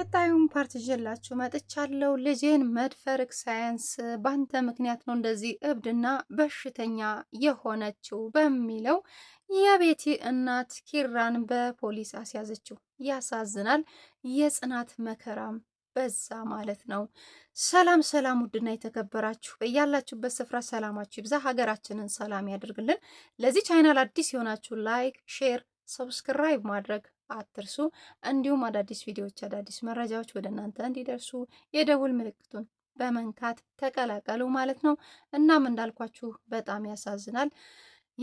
ቀጣዩን ፓርት ይዤላችሁ መጥቻለሁ። ልጄን መድፈርክ ሳያንስ ባንተ ምክንያት ነው እንደዚህ እብድና በሽተኛ የሆነችው በሚለው የቤቲ እናት ኪራን በፖሊስ አስያዘችው። ያሳዝናል። የጽናት መከራም በዛ ማለት ነው። ሰላም ሰላም! ውድና የተከበራችሁ በያላችሁበት ስፍራ ሰላማችሁ ይብዛ፣ ሀገራችንን ሰላም ያደርግልን። ለዚህ ቻይናል አዲስ የሆናችሁ ላይክ፣ ሼር፣ ሰብስክራይብ ማድረግ አትርሱ። እንዲሁም አዳዲስ ቪዲዮዎች፣ አዳዲስ መረጃዎች ወደ እናንተ እንዲደርሱ የደውል ምልክቱን በመንካት ተቀላቀሉ ማለት ነው። እናም እንዳልኳችሁ በጣም ያሳዝናል።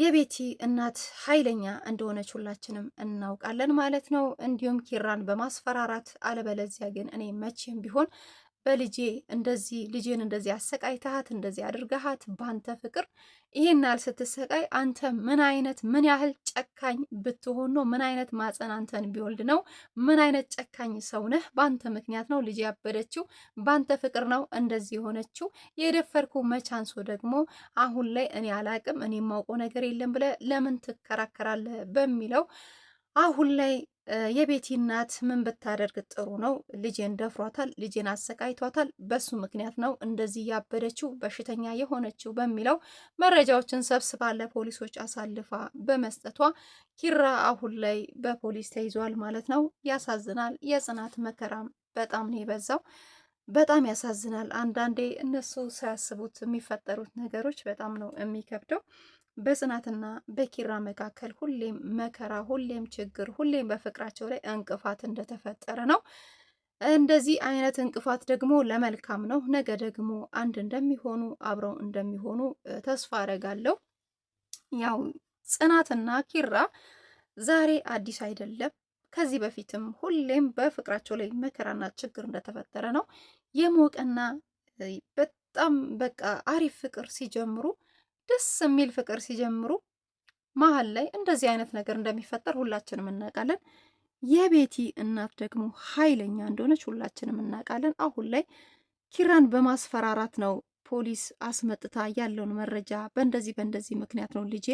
የቤቲ እናት ኃይለኛ እንደሆነች ሁላችንም እናውቃለን ማለት ነው። እንዲሁም ኪራን በማስፈራራት አለበለዚያ ግን እኔ መቼም ቢሆን በልጄ እንደዚህ ልጄን እንደዚህ አሰቃይተሃት እንደዚህ አድርገሃት ባንተ ፍቅር ይህን ያህል ስትሰቃይ አንተ ምን አይነት ምን ያህል ጨካኝ ብትሆን ነው? ምን አይነት ማፀን አንተን ቢወልድ ነው? ምን አይነት ጨካኝ ሰው ነህ? ባንተ ምክንያት ነው ልጅ ያበደችው፣ ባንተ ፍቅር ነው እንደዚህ የሆነችው። የደፈርኩ መቻንሶ ደግሞ አሁን ላይ እኔ አላቅም እኔ የማውቀው ነገር የለም ብለህ ለምን ትከራከራለህ? በሚለው አሁን ላይ የቤቲ እናት ምን ብታደርግ ጥሩ ነው? ልጄን ደፍሯታል፣ ልጄን አሰቃይቷታል። በሱ ምክንያት ነው እንደዚህ ያበደችው በሽተኛ የሆነችው በሚለው መረጃዎችን ሰብስባ ለፖሊሶች አሳልፋ በመስጠቷ ኪራ አሁን ላይ በፖሊስ ተይዟል ማለት ነው። ያሳዝናል። የጽናት መከራም በጣም ነው የበዛው። በጣም ያሳዝናል። አንዳንዴ እነሱ ሳያስቡት የሚፈጠሩት ነገሮች በጣም ነው የሚከብደው። በጽናትና በኪራ መካከል ሁሌም መከራ፣ ሁሌም ችግር፣ ሁሌም በፍቅራቸው ላይ እንቅፋት እንደተፈጠረ ነው። እንደዚህ አይነት እንቅፋት ደግሞ ለመልካም ነው። ነገ ደግሞ አንድ እንደሚሆኑ አብረው እንደሚሆኑ ተስፋ አረጋለሁ። ያው ጽናትና ኪራ ዛሬ አዲስ አይደለም። ከዚህ በፊትም ሁሌም በፍቅራቸው ላይ መከራና ችግር እንደተፈጠረ ነው። የሞቀና በጣም በቃ አሪፍ ፍቅር ሲጀምሩ ደስ የሚል ፍቅር ሲጀምሩ መሀል ላይ እንደዚህ አይነት ነገር እንደሚፈጠር ሁላችንም እናውቃለን። የቤቲ እናት ደግሞ ኃይለኛ እንደሆነች ሁላችንም እናውቃለን። አሁን ላይ ኪራን በማስፈራራት ነው ፖሊስ አስመጥታ ያለውን መረጃ በእንደዚህ በእንደዚህ ምክንያት ነው ልጄ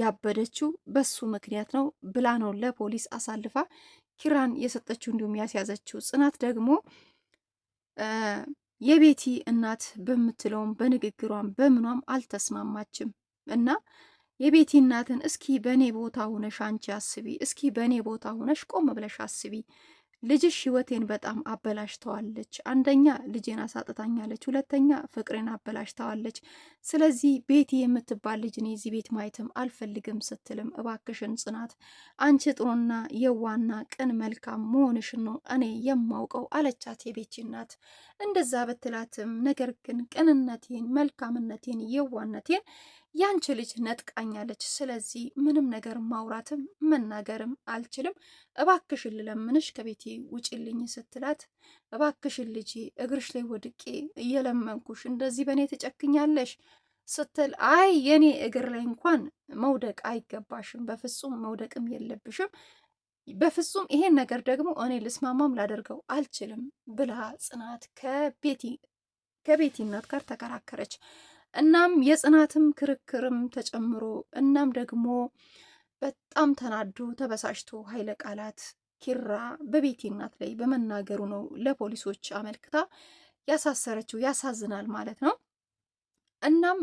ያበደችው በሱ ምክንያት ነው ብላ ነው ለፖሊስ አሳልፋ ኪራን የሰጠችው እንዲሁም ያስያዘችው ጽናት ደግሞ የቤቲ እናት በምትለውም በንግግሯም በምኗም አልተስማማችም እና የቤቲ እናትን እስኪ በእኔ ቦታ ሁነሽ አንቺ አስቢ፣ እስኪ በእኔ ቦታ ሁነሽ ቆም ብለሽ አስቢ ልጅሽ ህይወቴን በጣም አበላሽተዋለች። አንደኛ ልጄን አሳጥታኛለች፣ ሁለተኛ ፍቅሬን አበላሽተዋለች። ስለዚህ ቤቲ የምትባል ልጅ እኔ እዚህ ቤት ማየትም አልፈልግም ስትልም እባክሽን ጽናት፣ አንቺ ጥሩና የዋና ቅን መልካም መሆንሽን ነው እኔ የማውቀው አለቻት የቤቲ እናት። እንደዛ በትላትም ነገር ግን ቅንነቴን፣ መልካምነቴን፣ የዋነቴን ያንቺ ልጅ ነጥቃኛለች። ስለዚህ ምንም ነገር ማውራትም መናገርም አልችልም። እባክሽን ልለምንሽ ከቤቴ ውጭልኝ ስትላት፣ እባክሽን ልጄ እግርሽ ላይ ወድቄ እየለመንኩሽ እንደዚህ በእኔ ትጨክኛለሽ ስትል አይ የኔ እግር ላይ እንኳን መውደቅ አይገባሽም፣ በፍጹም መውደቅም የለብሽም በፍጹም ይሄን ነገር ደግሞ እኔ ልስማማም ላደርገው አልችልም ብላ ጽናት ከቤቲ ከቤቲ እናት ጋር ተከራከረች። እናም የጽናትም ክርክርም ተጨምሮ እናም ደግሞ በጣም ተናዶ ተበሳጭቶ ኃይለ ቃላት ኪራ በቤቲ እናት ላይ በመናገሩ ነው ለፖሊሶች አመልክታ ያሳሰረችው። ያሳዝናል ማለት ነው። እናም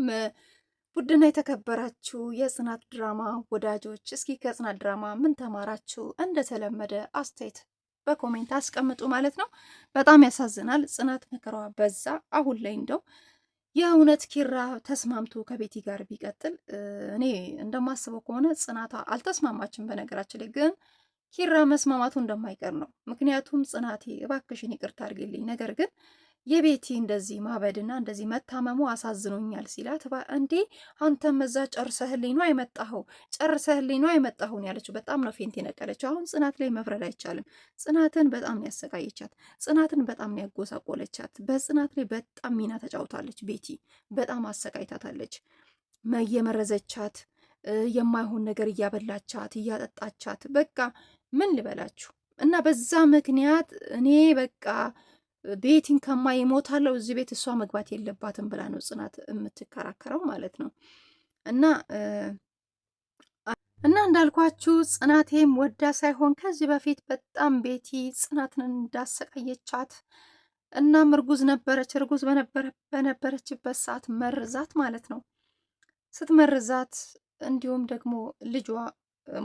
ቡድና የተከበራችሁ የጽናት ድራማ ወዳጆች እስኪ ከጽናት ድራማ ምን ተማራችሁ? እንደተለመደ አስተያየት በኮሜንት አስቀምጡ ማለት ነው። በጣም ያሳዝናል። ጽናት መከራዋ በዛ አሁን ላይ እንደው የእውነት ኪራ ተስማምቶ ከቤቲ ጋር ቢቀጥል እኔ እንደማስበው ከሆነ ጽናቷ አልተስማማችም። በነገራችን ላይ ግን ኪራ መስማማቱ እንደማይቀር ነው። ምክንያቱም ጽናቴ እባክሽን ይቅርታ አድርጌልኝ ነገር ግን የቤቲ እንደዚህ ማበድና እንደዚህ መታመሙ አሳዝኖኛል ሲላት፣ እንዴ አንተም እዛ ጨርሰህልኝ ነው አይመጣኸው ጨርሰህልኝ ነው አይመጣኸውን ያለችው። በጣም ነው ፌንት የነቀለችው። አሁን ጽናት ላይ መፍረድ አይቻልም። ጽናትን በጣም ያሰቃየቻት፣ ጽናትን በጣም ያጎሳቆለቻት፣ በጽናት ላይ በጣም ሚና ተጫውታለች። ቤቲ በጣም አሰቃይታታለች። የመረዘቻት፣ የማይሆን ነገር እያበላቻት፣ እያጠጣቻት፣ በቃ ምን ልበላችሁ እና በዛ ምክንያት እኔ በቃ ቤቲን ከማ ይሞታለው እዚህ ቤት እሷ መግባት የለባትም ብላ ነው ጽናት የምትከራከረው ማለት ነው። እና እና እንዳልኳችሁ ጽናቴም ወዳ ሳይሆን ከዚህ በፊት በጣም ቤቲ ጽናትን እንዳሰቃየቻት እናም እርጉዝ ነበረች። እርጉዝ በነበረችበት ሰዓት መርዛት ማለት ነው። ስትመርዛት እንዲሁም ደግሞ ልጇ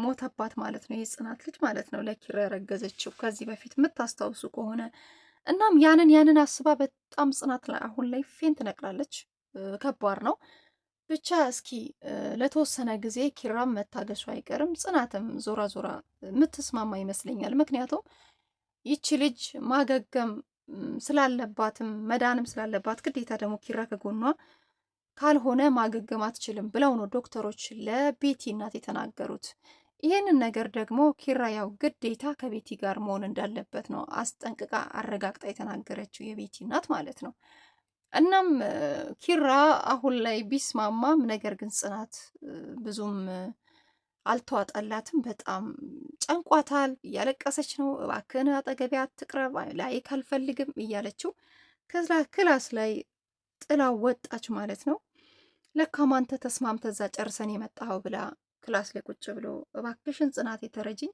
ሞተባት ማለት ነው። የጽናት ልጅ ማለት ነው ለኪራ ያረገዘችው ከዚህ በፊት የምታስታውሱ ከሆነ እናም ያንን ያንን አስባ በጣም ጽናት አሁን ላይ ፌን ትነቅላለች። ከባድ ነው ብቻ እስኪ ለተወሰነ ጊዜ ኪራም መታገሱ አይቀርም። ጽናትም ዞራ ዞራ የምትስማማ ይመስለኛል። ምክንያቱም ይቺ ልጅ ማገገም ስላለባትም መዳንም ስላለባት ግዴታ ደግሞ ኪራ ከጎኗ ካልሆነ ማገገም አትችልም ብለው ነው ዶክተሮች ለቤቲ እናት የተናገሩት። ይህንን ነገር ደግሞ ኪራ ያው ግዴታ ከቤቲ ጋር መሆን እንዳለበት ነው አስጠንቅቃ አረጋግጣ የተናገረችው የቤቲ እናት ማለት ነው። እናም ኪራ አሁን ላይ ቢስማማም ነገር ግን ጽናት ብዙም አልተዋጠላትም። በጣም ጨንቋታል። እያለቀሰች ነው። እባክህን አጠገቤ አትቅረብ፣ ላይክ አልፈልግም እያለችው ከዛ ክላስ ላይ ጥላ ወጣች ማለት ነው። ለካ ተስማምተ እዛ ጨርሰን የመጣኸው ብላ ክላስ ላይ ቁጭ ብሎ እባክሽን ጽናት የተረጅኝ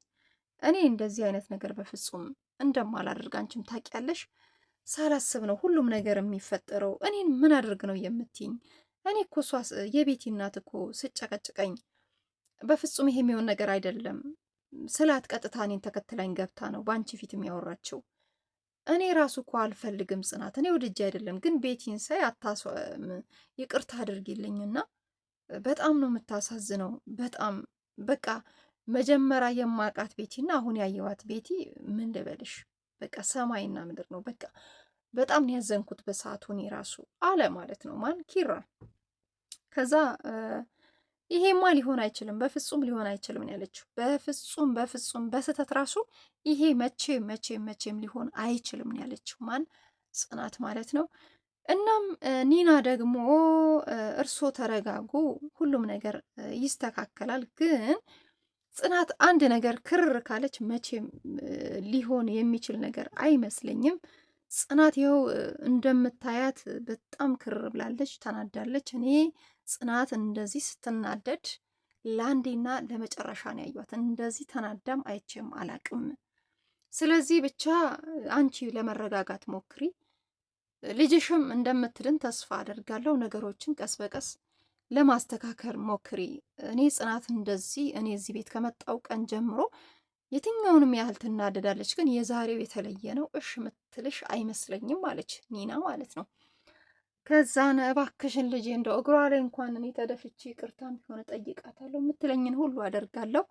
እኔ እንደዚህ አይነት ነገር በፍጹም እንደማላደርግ አንቺም ታውቂያለሽ። ሳላስብ ነው ሁሉም ነገር የሚፈጠረው። እኔን ምን አድርግ ነው የምትይኝ? እኔ እኮ እሷ የቤቲ እናት እኮ ስጨቀጭቀኝ በፍጹም ይሄ የሚሆን ነገር አይደለም ስላት ቀጥታ እኔን ተከትላኝ ገብታ ነው በአንቺ ፊት የሚያወራቸው እኔ ራሱ እኮ አልፈልግም ጽናት፣ እኔ ወድጄ አይደለም ግን ቤቲን ሳይ አታስ ይቅርታ አድርጊልኝና በጣም ነው የምታሳዝነው። በጣም በቃ መጀመሪያ የማውቃት ቤቲ እና አሁን ያየዋት ቤቲ ምን ልበልሽ፣ በቃ ሰማይና ምድር ነው። በቃ በጣም ነው ያዘንኩት በሰዓቱ ራሱ አለ ማለት ነው ማን ኪራ። ከዛ ይሄማ ሊሆን አይችልም፣ በፍጹም ሊሆን አይችልም ነው ያለችው። በፍጹም በፍጹም በስህተት ራሱ ይሄ መቼም መቼም መቼም ሊሆን አይችልም ነው ያለችው ማን ጽናት ማለት ነው። እናም ኒና ደግሞ እርሶ ተረጋጉ፣ ሁሉም ነገር ይስተካከላል። ግን ጽናት አንድ ነገር ክርር ካለች መቼም ሊሆን የሚችል ነገር አይመስለኝም። ጽናት ይኸው እንደምታያት በጣም ክርር ብላለች፣ ተናዳለች። እኔ ጽናት እንደዚህ ስትናደድ ለአንዴና ለመጨረሻ ነው ያዩት። እንደዚህ ተናዳም አይቼም አላቅም። ስለዚህ ብቻ አንቺ ለመረጋጋት ሞክሪ ልጅሽም እንደምትድን ተስፋ አደርጋለሁ። ነገሮችን ቀስ በቀስ ለማስተካከል ሞክሪ። እኔ ጽናት እንደዚህ እኔ እዚህ ቤት ከመጣው ቀን ጀምሮ የትኛውንም ያህል ትናደዳለች፣ ግን የዛሬው የተለየ ነው። እሽ ምትልሽ አይመስለኝም አለች ኒና ማለት ነው። ከዛን እባክሽን ልጄ እንደው እግሯ ላይ እንኳን እኔ ተደፍቼ ይቅርታ ቢሆን ጠይቃታለሁ፣ የምትለኝን ሁሉ አደርጋለሁ።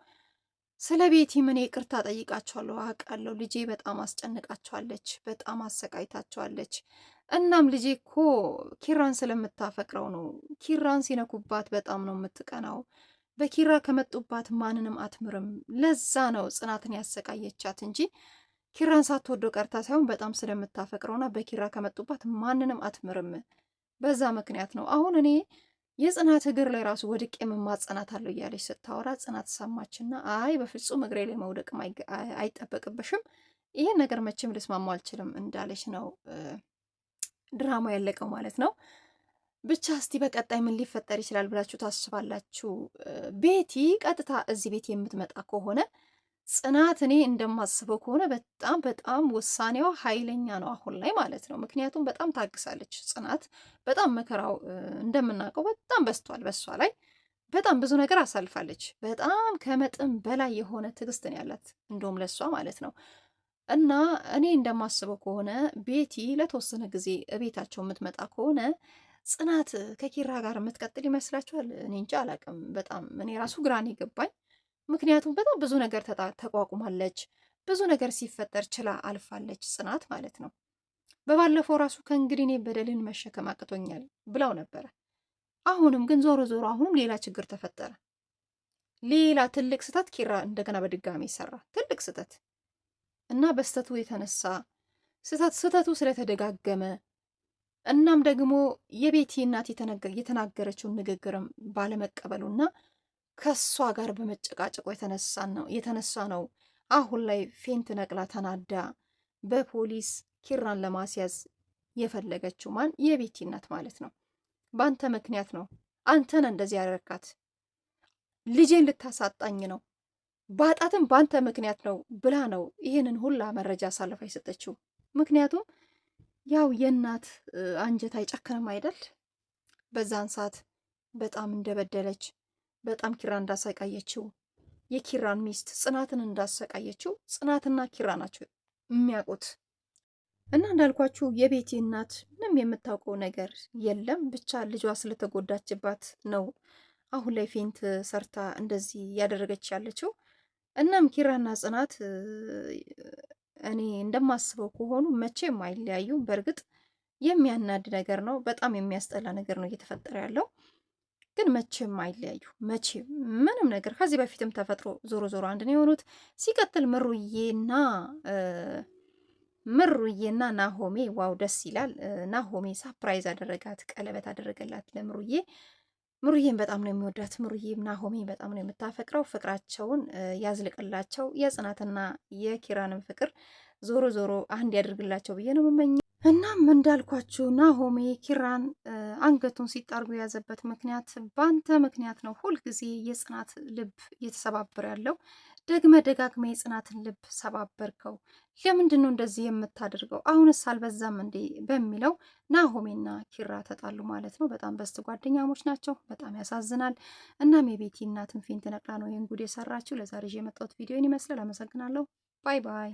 ስለ ቤቲ ምን ይቅርታ ጠይቃቸዋለሁ፣ አውቃለሁ። ልጄ በጣም አስጨንቃቸዋለች፣ በጣም አሰቃይታቸዋለች። እናም ልጄ እኮ ኪራን ስለምታፈቅረው ነው። ኪራን ሲነኩባት በጣም ነው የምትቀናው። በኪራ ከመጡባት ማንንም አትምርም። ለዛ ነው ጽናትን ያሰቃየቻት እንጂ ኪራን ሳትወደው ቀርታ ሳይሆን በጣም ስለምታፈቅረውና በኪራ ከመጡባት ማንንም አትምርም። በዛ ምክንያት ነው አሁን እኔ የጽናት እግር ላይ ራሱ ወድቄ መማጸናት አለው እያለች ስታወራ ጽናት ሰማችና፣ አይ በፍጹም እግሬ ላይ መውደቅም አይጠበቅብሽም፣ ይህን ነገር መቼም ልስማማ አልችልም እንዳለች ነው ድራማ ያለቀው ማለት ነው። ብቻ እስቲ በቀጣይ ምን ሊፈጠር ይችላል ብላችሁ ታስባላችሁ? ቤቲ ቀጥታ እዚህ ቤት የምትመጣ ከሆነ ጽናት፣ እኔ እንደማስበው ከሆነ በጣም በጣም ውሳኔዋ ኃይለኛ ነው አሁን ላይ ማለት ነው። ምክንያቱም በጣም ታግሳለች ጽናት። በጣም መከራው እንደምናውቀው በጣም በስቷል በሷ ላይ በጣም ብዙ ነገር አሳልፋለች። በጣም ከመጠን በላይ የሆነ ትዕግስት ነው ያላት እንደውም ለሷ ማለት ነው። እና እኔ እንደማስበው ከሆነ ቤቲ ለተወሰነ ጊዜ ቤታቸው የምትመጣ ከሆነ ጽናት ከኪራ ጋር የምትቀጥል ይመስላችኋል? እኔ እንጂ አላቅም። በጣም እኔ ራሱ ግራን የገባኝ ምክንያቱም በጣም ብዙ ነገር ተቋቁማለች፣ ብዙ ነገር ሲፈጠር ችላ አልፋለች ጽናት ማለት ነው። በባለፈው ራሱ ከእንግዲህ እኔ በደልን መሸከም አቅቶኛል ብለው ነበረ። አሁንም ግን ዞሮ ዞሮ አሁንም ሌላ ችግር ተፈጠረ። ሌላ ትልቅ ስህተት ኪራ እንደገና በድጋሚ ይሰራ ትልቅ ስህተት እና በስተቱ የተነሳ ስተቱ ስለተደጋገመ እናም ደግሞ የቤቲ እናት የተናገረችውን ንግግርም ባለመቀበሉና ከሷ ጋር በመጨቃጨቁ የተነሳ ነው አሁን ላይ ፌንት ነቅላ ተናዳ በፖሊስ ኪራን ለማስያዝ የፈለገችው ማን? የቤቲ እናት ማለት ነው። በአንተ ምክንያት ነው። አንተን እንደዚህ ያደረካት ልጄን ልታሳጣኝ ነው በአጣትም በአንተ ምክንያት ነው ብላ ነው ይህንን ሁላ መረጃ አሳልፋ የሰጠችው። ምክንያቱም ያው የእናት አንጀት አይጨክንም አይደል? በዛን ሰዓት በጣም እንደበደለች በጣም ኪራ እንዳሰቃየችው የኪራን ሚስት ጽናትን እንዳሰቃየችው ጽናትና ኪራ ናቸው የሚያውቁት። እና እንዳልኳችሁ የቤቲ እናት ምንም የምታውቀው ነገር የለም። ብቻ ልጇ ስለተጎዳችባት ነው አሁን ላይ ፌንት ሰርታ እንደዚህ እያደረገች ያለችው። እናም ኪራና ጽናት እኔ እንደማስበው ከሆኑ መቼም አይለያዩም። በእርግጥ የሚያናድ ነገር ነው፣ በጣም የሚያስጠላ ነገር ነው እየተፈጠረ ያለው ግን መቼም አይለያዩ። መቼም ምንም ነገር ከዚህ በፊትም ተፈጥሮ ዞሮ ዞሮ አንድ ነው የሆኑት። ሲቀጥል ምሩዬና ምሩዬና ናሆሜ ዋው ደስ ይላል። ናሆሜ ሳፕራይዝ አደረጋት፣ ቀለበት አደረገላት ለምሩዬ። ምሩዬን በጣም ነው የሚወዳት። ምሩዬም ናሆሜን በጣም ነው የምታፈቅረው። ፍቅራቸውን ያዝልቅላቸው። የጽናትና የኪራንም ፍቅር ዞሮ ዞሮ አንድ ያደርግላቸው ብዬ ነው የምመኘው። እናም እንዳልኳችሁ ናሆሜ ኪራን አንገቱን ሲጣርጉ የያዘበት ምክንያት በአንተ ምክንያት ነው። ሁልጊዜ የጽናት ልብ እየተሰባበር ያለው ደግመ ደጋግመ የጽናትን ልብ ሰባበርከው። ለምንድን ነው እንደዚህ የምታደርገው? አሁንስ አልበዛም እንዴ? በሚለው ናሆሜና ኪራ ተጣሉ ማለት ነው። በጣም በስት ጓደኛሞች ናቸው። በጣም ያሳዝናል። እናም የቤቲ እናትን ፊንት ነቅላ ነው ይህን ጉድ የሰራችው። ለዛሬ የመጣሁት ቪዲዮን ይመስላል። አመሰግናለሁ። ባይ ባይ